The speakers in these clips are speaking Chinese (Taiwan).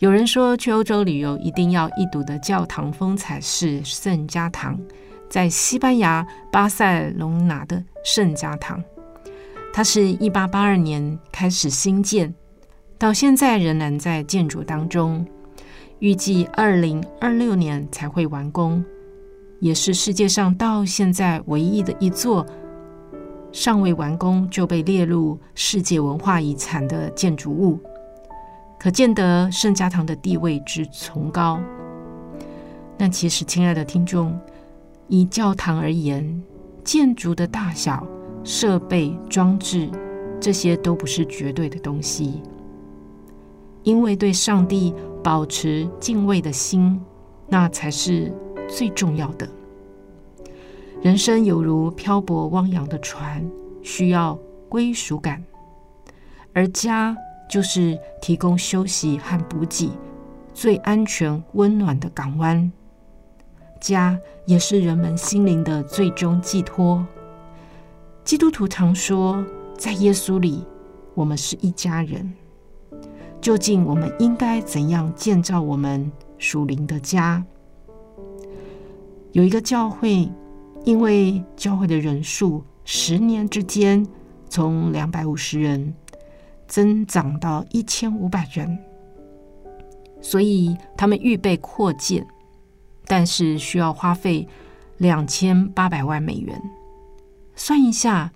有人說，去歐洲旅遊一定要一睹的教堂風采是聖家堂，在西班牙巴塞隆納的聖家堂，它是一八八二年開始興建，到現在仍然在建築當中，預計二零二六年才會完工，也是世界上到現在唯一的一座尚未完工就被列入世界文化遺產的建築物。可見得聖家堂的地位之崇高。但其實，親愛的聽眾，以教堂而言，建築的大小、設備、裝置這些都不是絕對的東西，因為對上帝保持敬畏的心，那才是最重要的。人生猶如漂泊汪洋的船，需要歸屬感，而家。就是提供休息和補給，最安全、溫暖的港灣。家也是人們心靈的最終寄托。基督徒常說，在耶穌裡，我們是一家人。究竟我們應該怎樣建造我們屬靈的家？有一個教會，因為教會的人數，十年之間，從兩百五十人。增長到一千五百人，所以他們預備擴建，但是需要花費兩千八百萬美元。算一下，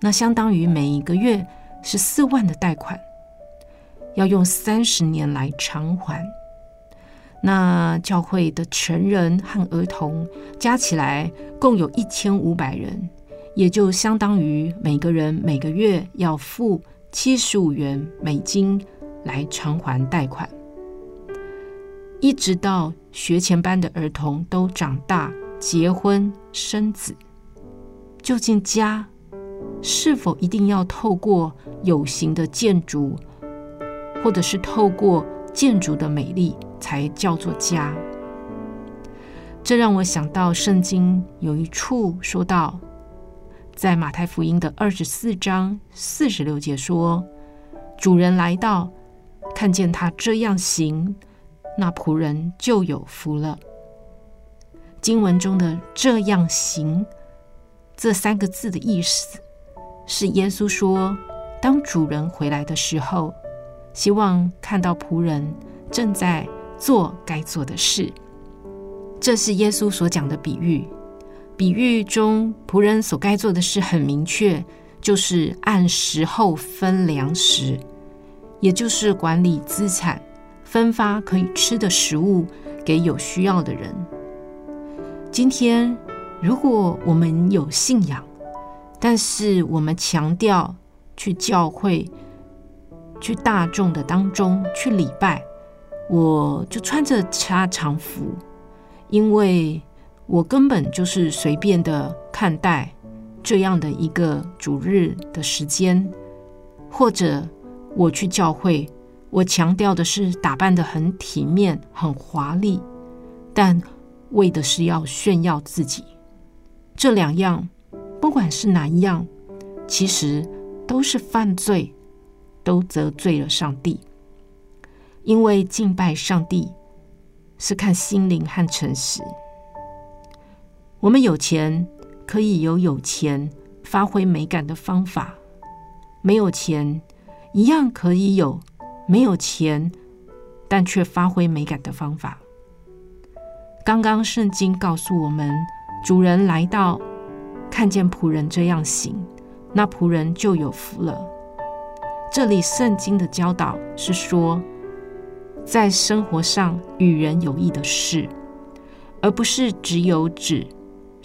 那相當於每一個月是四萬的貸款，要用三十年來償還。那教會的成人和兒童加起來共有一千五百人，也就相當於每個人每個月要付。七十五元美金來償還貸款，一直到學前班的兒童都長大、結婚、生子。究竟家是否一定要透過有形的建築，或者是透過建築的美麗才叫做家？這讓我想到聖經有一處說道。在馬太福音的二十四章四十六節說：“主人來到，看見他這樣行，那僕人就有福了。”經文中的“這樣行”這三個字的意思，是耶穌說，當主人回來的時候，希望看到僕人正在做該做的事。這是耶穌所講的比喻。比喻中，僕人所該做的事很明確，就是按時候分糧食，也就是管理資產，分發可以吃的食物給有需要的人。今天，如果我們有信仰，但是我們強調去教會、去大眾的當中去禮拜，我就穿着差長服，因為。我根本就是隨便的看待這樣的一個主日的時間，或者我去教會，我強調的是打扮的很體面、很華麗，但為的是要炫耀自己。這兩樣，不管是哪一樣，其實都是犯罪，都得罪了上帝，因為敬拜上帝是看心靈和誠實。我們有錢可以有有錢發揮美感的方法，沒有錢一樣可以有沒有錢但卻發揮美感的方法。剛剛聖經告訴我們，主人來到，看見僕人這樣行，那僕人就有福了。這裡聖經的教導是說，在生活上與人有益的事，而不是只有指。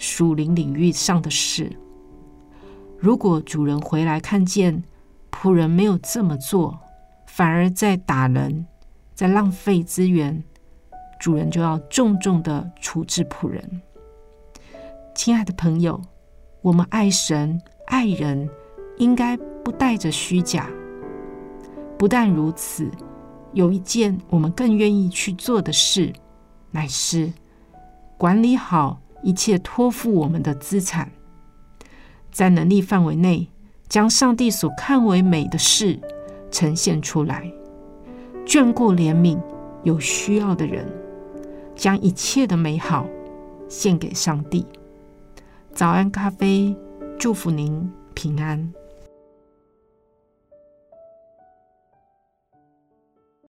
屬靈領域上的事，如果主人回來看見僕人沒有這麼做，反而在打人，在浪費資源，主人就要重重的處置僕人。親愛的朋友，我們愛神愛人，應該不帶着虛假。不但如此，有一件我們更願意去做的事，乃是管理好。一切托付我們的資產，在能力範圍內，將上帝所看為美的事呈現出來，眷顧憐憫有需要的人，將一切的美好獻給上帝。早安咖啡，祝福您平安。